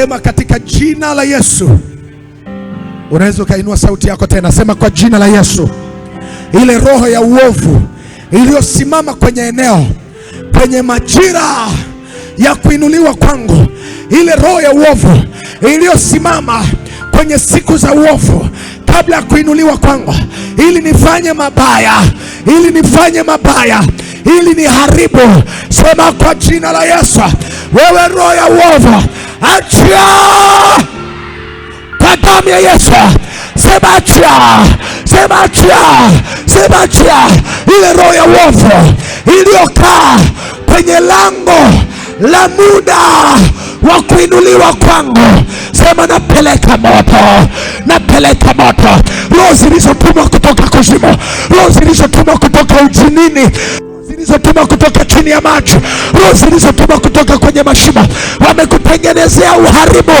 Sema katika jina la Yesu. Unaweza ukainua sauti yako tena, sema kwa jina la Yesu, ile roho ya uovu iliyosimama kwenye eneo, kwenye majira ya kuinuliwa kwangu, ile roho ya uovu iliyosimama kwenye siku za uovu kabla ya kuinuliwa kwangu, ili nifanye mabaya, ili nifanye mabaya, ili niharibu, sema kwa jina la Yesu, wewe roho ya uovu achia kwa damu ya Yesu. Sema achia, sema achia, sema achia ile roho ya uovu iliyokaa kwenye lango la muda wa kuinuliwa kwangu. Sema napeleka moto, napeleka moto, roho zilizotumwa kutoka kuzimu, roho zilizotumwa kutoka ujinini zilizotoka kutoka chini ya maji, roho zilizotuma kutoka kwenye mashimo. Wamekutengenezea uharibu,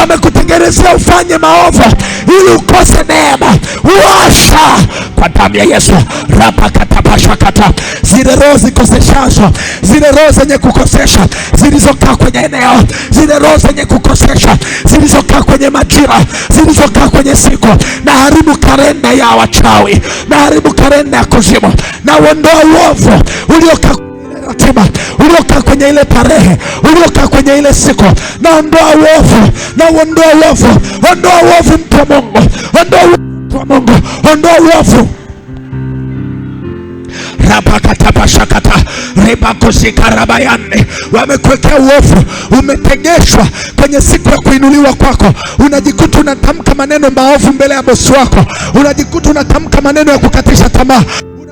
wamekutengenezea ufanye maovu ili ukose neema. Washa kwa damu ya Yesu rapa katapasha kata. Zile roho zikoseshazo, zile roho zenye kukosesha, zilizokaa kwenye eneo, zile roho zenye kukosesha zilizokaa kwenye majira, zilizokaa kwenye siku. Na haribu kalenda ya wachawi, na haribu kalenda ya kuzimu, na uondoa uovu uliokaa ratiba uliokaa kwenye ile tarehe uliokaa kwenye ile siku, na ondoa uovu, na uondoa uovu, ondoa uovu, mtu wa Mungu, ondoa uovu, mtu wa Mungu, ondoa uovu pakatapashakata rebakoshikarabaianne wamekuwekea uovu, umetegeshwa kwenye siku ya kuinuliwa kwako. Unajikuta unatamka maneno maovu mbele ya bosi wako, unajikuta unatamka maneno ya kukatisha tamaa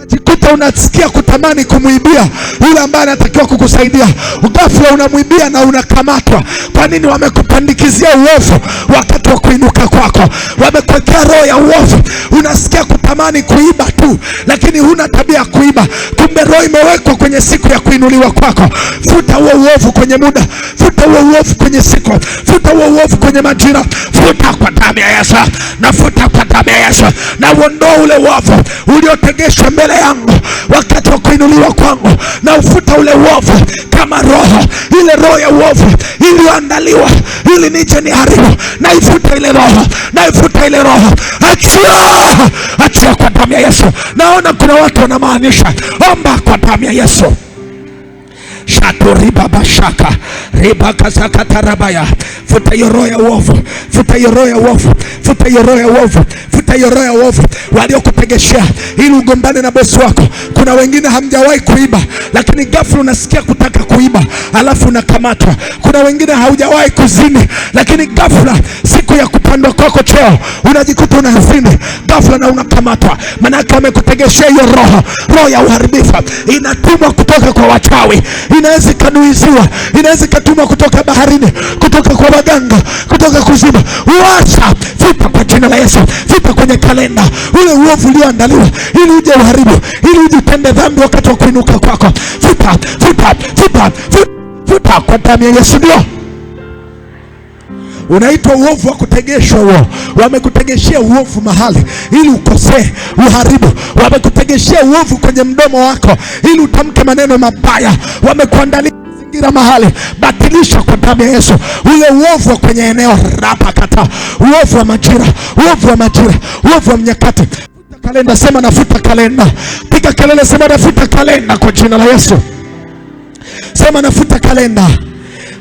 jikuta unasikia kutamani kumwibia yule ambaye anatakiwa kukusaidia. Ghafla unamwibia na unakamatwa. Kwa nini? Wamekupandikizia uovu wakati wa kuinuka kwako, wamekuwekea roho ya uovu ya kutamani kuiba tu, lakini huna tabia ya kuiba. Kumbe roho imewekwa kwenye siku ya kuinuliwa kwako. Futa huo uovu kwenye muda, futa huo uovu kwenye siku, futa huo uovu kwenye majira, futa kwa damu ya Yesu, futa kwa damu ya Yesu, na uondoe ule uovu uliotegeshwa mbele yangu wakati wa kuinuliwa kwangu, na ufuta ule uovu kama roho ile, roho ya uovu iliyoandaliwa ili nije ni haribu, naifuta ile roho, naifuta ile roho, achia ya Yesu. Naona kuna watu wanamaanisha, omba kwa damu ya Yesu shatoribabashaka ribakazakatarabaya. Futa hiyo roho ya uovu, futa hiyo roho ya uovu, futa hiyo roho ya uovu, futa hiyo roho ya uovu waliokutegeshea ili ugombane na bosi wako. Kuna wengine hamjawahi kuiba, lakini ghafla unasikia kutaka kuiba, alafu unakamatwa. Kuna wengine haujawahi kuzini, lakini ghafla siku ya kupandwa kwako cheo unajikuta unazini ghafla na unakamatwa. Manake amekutegeshea hiyo roho, roho ya uharibifu inatumwa kutoka kwa wachawi inaweza ikanuiziwa, inaweza ikatumwa kutoka baharini, kutoka kwa waganga, kutoka kuzima. Washa vita kwa jina la Yesu, vita kwenye kalenda, ule uovu ulioandaliwa ili uje uharibu, ili ujitende dhambi wakati wa kuinuka kwako. Vita, vita, vita, vita kwa damu ya Yesu, ndio Unaitwa uovu wa kutegeshwa huo. Wamekutegeshea uovu mahali ili ukosee, uharibu. Wamekutegeshea uovu kwenye mdomo wako ili utamke maneno mabaya. Wamekuandalia mazingira mahali, batilisha kwa damu ya Yesu ule uovu wa kwenye eneo rapa kata, uovu wa majira, uovu wa majira, uovu wa mnyakati. Futa kalenda, sema nafuta kalenda. Piga kelele, sema nafuta kalenda kwa jina la Yesu, sema nafuta kalenda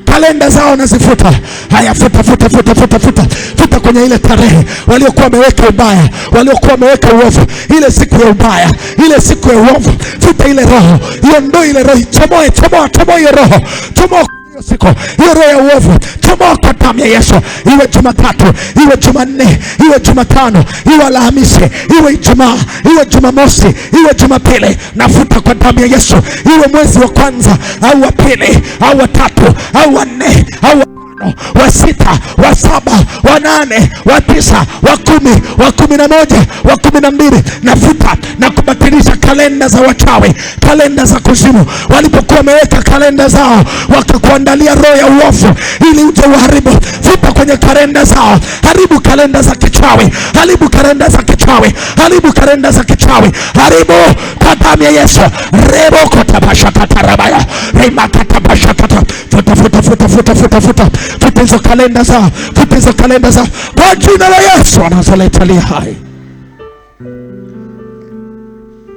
kalenda zao nazifuta. Haya, futa futa futa futa futa futa kwenye ile tarehe waliokuwa wameweka ubaya, waliokuwa wameweka uovu, ile siku ya ubaya, ile siku ya uovu, futa ile roho, iondoe ile roho, chomoe, chomoa, chomoe hiyo roho, chomoa hiyo siku, hiyo roho ya uovu tomoa kwa damu ya Yesu, iwe Jumatatu, iwe Jumanne, iwe Jumatano, iwe Alhamisi, iwe Ijumaa, iwe Jumamosi, iwe Jumapili, nafuta kwa damu ya Yesu, iwe mwezi wa kwanza au wa pili au wa tatu au wa nne au tano, wa sita, wa saba, wa nane, wa tisa, wa kumi, wa kumi na moja, wa kumi na mbili. Nafuta na kubatilisha kalenda za wachawi, kalenda za kuzimu. Walipokuwa wameweka kalenda zao, wakakuandalia roho ya uovu ili uje uharibu. Futa kwenye kalenda zao, haribu kalenda za kichawi, haribu kalenda za kichawi, haribu kalenda za kichawi, haribu kwa damu ya Yesu. rebo kotabasha katarabaya rima futa futa futa futa futa futa Tupe hizo kalenda zao, tupe hizo kalenda zao kwa jina la Yesu anazaleta ali hai.